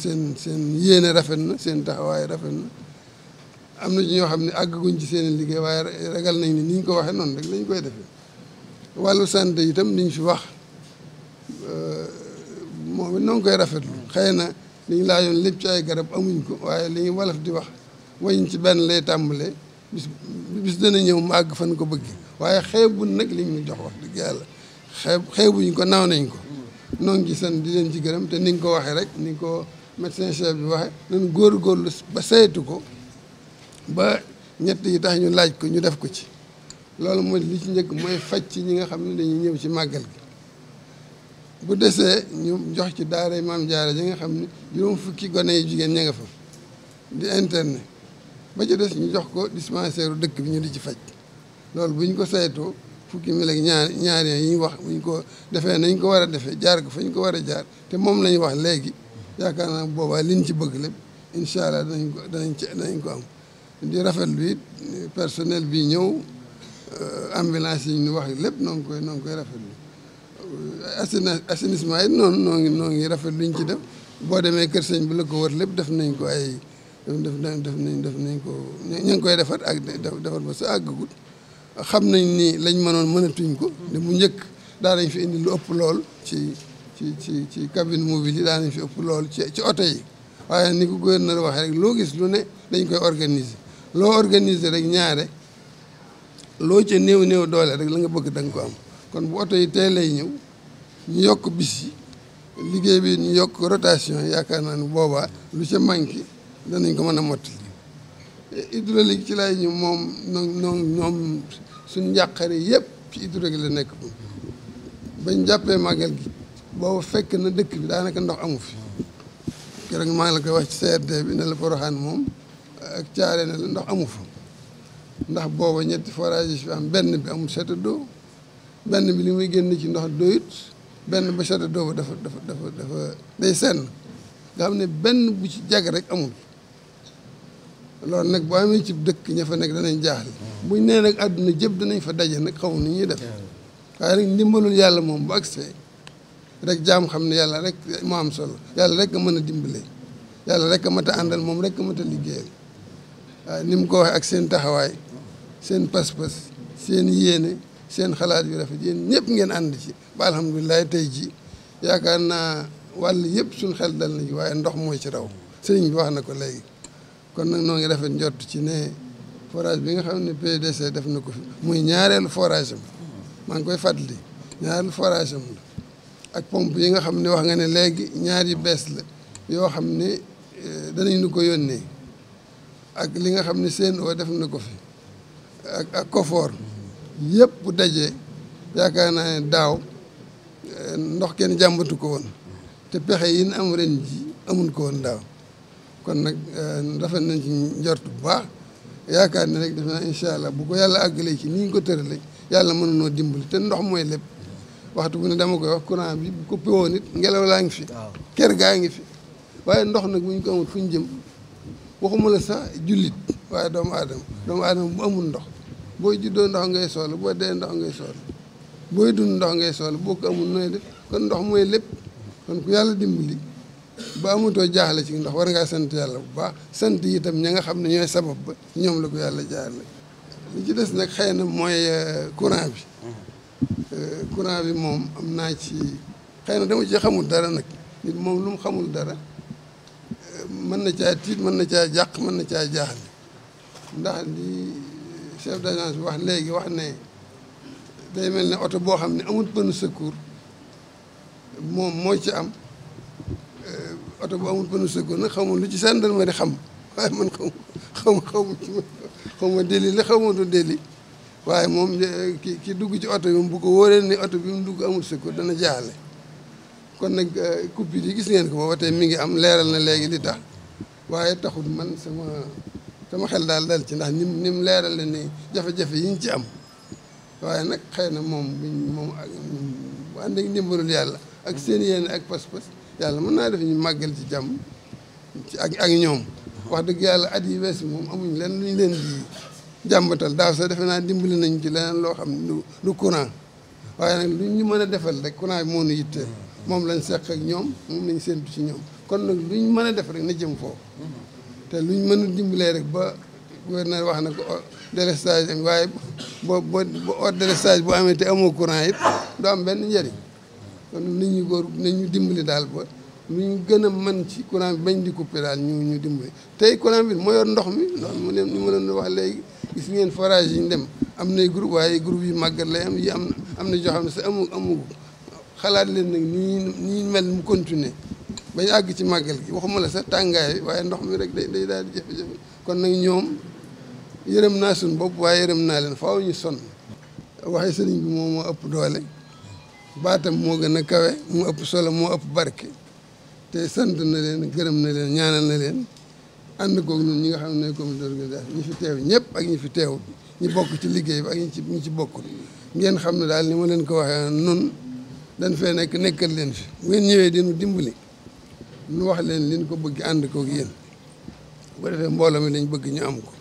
seen seen yéene rafet na seen taxawaay rafet na am na ci ñoo xam ne àggaguñ ci seen liggéey waaye ragal nañ ni niñ ko waxee noonu rek lañ koy defee wàllu santé itam niñ fi wax euh, moom it noonu koy rafetlu xëy na liñ laajoon lépp ci ay garab amuñ ko waaye li ñu walaf di wax wañ ci benn lay tàmbale bis bis dana ñëw mu àgg fan ko bëgg waaye xeebuñ nag liñ ñu jox wax dëgg yàlla xeeb xeebuñ ko naaw nañ ko noo ngi ci sant di leen ci gërëm te ni nga ko waxee rek ni ko médecin chef bi waxe nañ góorgóorlu ba saytu ko ba ñett yi tax ñu laaj ko ñu def ko ci loolu mooy li ci njëkk mooy faj ci ñi nga xam ne dañuy ñëw ci màggal gi bu desee ñu jox ci daara maam jaara ji nga xam ne juróom gone jigéen ña nga fa di internet ba ci des ñu jox ko dispensaire dëkk bi ñu di ci faj loolu bu ñu ko saytoo fukki mil ak ñaar ñaar yi ñu wax bu ñu ko defee nañ ko war a defee jaar ko fa ñu ko war a jaar te moom lañu wax léegi yaakaar naa boobaa liñ ci bëgg lépp incha allah danañ ko danañ ci danañ ko am di rafetlu it personnel bi ñëw euh, ambulance yi ñu wax lépp noo ngi koy noo ngi koy rafetlu euh, noonu noo ngi noo ngi rafet luñ ci def boo demee kër sëñ bi la ko wër lépp def nañ ko ay def def nañ def nañ ko ñu ngi koy defar ak defar ba sa àggagut xam nañ nii lañ mënoon mënatuñ ko. de mu njëkk daa lañ fi indi lu ëpp lool ci. ci ci ci cabine mobile yi daan nañ fi ëpp loolu ci ci oto yi waaye ni ko gouverneur waxee rek loo gis lu ne dañ koy organiser loo organiser rek ñaare loo ca néew néew doole rek la nga bëgg da nga ko am kon bu oto yi teel lay ñëw ñu yokk bis yi liggéey bi ñu yokk rotation yaakaar naa ni boobaa lu ca manqué danañ ko mën a motti hydraulique ci lay ñu moom noom ñoom suñ njàqare yëpp ci hydraulique la nekk bañ jàppee màggal gi boobu fekk na dëkk bi daanaka ndox amu fi keroog maa ngi la koy wax ci CRD bi ne la Porokhane moom ak caare ne la ndox amu fa ndax booba ñetti forage yi am benn bi amul château d'eau bi li muy génn ci ndox doyut benn ba château d'eau ba dafa dafa dafa dafa day senn nga xam ne benn bu ci jag rek amul loolu nag boo amee ci dëkk ña fa nekk danañ jaaxle buñ nee nag àdduna jëpp danañ fa daje nag xaw ni ñuy def waaye nag ndimbalul yàlla moom bu agsee rek jaam xam ne yàlla rek moo am solo yàlla rek a mën a dimbale yàlla rek a àndal moom rek a mat liggéeyal waaye ni mu ko waxee ak seen taxawaay seen pas-pas seen yéene seen xalaat yu rafet yéen ñëpp ngeen ànd ci ba alhamdulilah tey ji yaakaar naa wàll yëpp suñ xel dal na ci waaye ndox mooy ci raw sëriñ bi wax na ko léegi kon nag noo ngi rafet njort ci ne forage bi nga xam ne PDC def na ko fi muy ñaareelu forage am maa ngi koy fàttali ñaareelu forage am ak pompe yi nga xam ne wax nga ne léegi ñaar yu bees la yoo xam ne eh, danañ nu ko yónnee ak li nga xam ne Sen'Eau def na ko fi ak ak Kofor yëpp bu dajee yaakaar naa ne daaw eh, ndox kenn jàmbatu ko woon te pexe yi ñu am ren ji amun ko woon daaw kon nag eh, rafet nañ ci njort bu baax yaakaar ni rek defe naa incha allah bu ko yàlla àggalee ci ni ñu ko tëralee yàlla mën noo dimbali te ndox mooy lépp. waxtu bu ne dama koy wax courant bi bu coupé woon it ngelaw laa ngi fi. kër gaa ngi fi waaye ndox nag bu ñu ko amul fu ñu jëm waxuma la sax jullit waaye doomu aadama doomu aadama bu amul ndox boo juddoo ndox ngay soxla boo dee ndox ngay soxla booy dund ndox ngay soxla boo ko amul nooy def kon ndox mooy lépp kon ku yàlla dimbali ba amatoo jaaxle ci ndox war ngaa sant yàlla bu baax sant itam ña nga xam ne ñooy sabab ba ñoom la ko yàlla jaarale li ci des nag xëy na mooy euh, courant bi. courant bi moom am naa ci xëy na dama ci xamul dara nag nit moom lu mu xamul dara mën na caa tiit mën na caa jàq mën na caa jaaxle ndax li chef d'agence bi wax léegi wax ne day mel ne oto boo xam ne amul bënn secours moom moo ci am eh, oto bu amul pneu secours nag xamul lu ci gendarmerie xam waaye man xaw ma xaw ma xaw ma xaw ma déli xaw ma du déli waaye moom eh, ki ki dugg ci oto bi moom bu ko wóoree ni oto bi mu dugg amul ko dana jaaxle kon nag eh, coupe yi gis ngeen ko booba tey mi ngi am leeral na léegi li tax waaye taxul man sama sama xel daal dal ci ndax nim nim leeral leen ni jafe-jafe yi ñu ci am waaye nag xëy na moom moom ak bu ànd ak ndimbalul yàlla ak seen yéene ak pas-pas yàlla mën naa def ñu màggal ci jàmm ci ak ak ñoom wax dëgg yàlla at yi weesu moom amuñ leen luñ leen di jàmbatal daaw sax defe naa dimbali nañ ci leneen loo xam ne du courant waaye nag lu ñu mën a defal rek courant bi moo nu yitteel moom lañ seq ak ñoom moom lañ séntu ci ñoom kon nag lu ñu mën a def rek na jëm foofu te lu ñu mën a dimbalee rek ba gouverneur wax na ko délestage am waaye boo boo hors délestage bu amee te amoo courant it doo am benn njëriñ kon nit ñu góor nañ ñu dimbali daal ba lu ñu gën a mën ci courant bi bañ di couper daal ñu ñu dimbali tey courant bi moo yor ndox mi loolu mu ne ñu mënoon wax léegi gis ngeen forage ñu dem am nay groupe waaye groupe màggat lay am yi am am na joo xam ne sa amu amu xalaat leen nag nii nii mel mu bañ àgg ci màggal gi waxuma la sa tàngaay waaye ndox mi rek day day daal di jafe kon nag ñoom yërëm naa suñ bopp waaye yërëm naa leen faaw ñu son waxe sëriñ bi moom moo ëpp doole baatam moo gën a kawe mu ëpp solo moo ëpp barke te sant na leen gërëm na leen ñaanal na leen ànd koog ñun ñi nga xam ne comité d'organisation ñu fi teew ñëpp ak ñi fi teew ñi bokk ci liggéey bi ak ñi ci ñi ci bokkul ngeen xam ne daal ni ma leen ko waxee nun dañ fee nekk nekkal leen fi bu ngeen ñëwee dinu dimbali lu wax leen liñ ko bëgg ànd koog yéen bu defee mbooloo mi lañ bëgg ñu am ko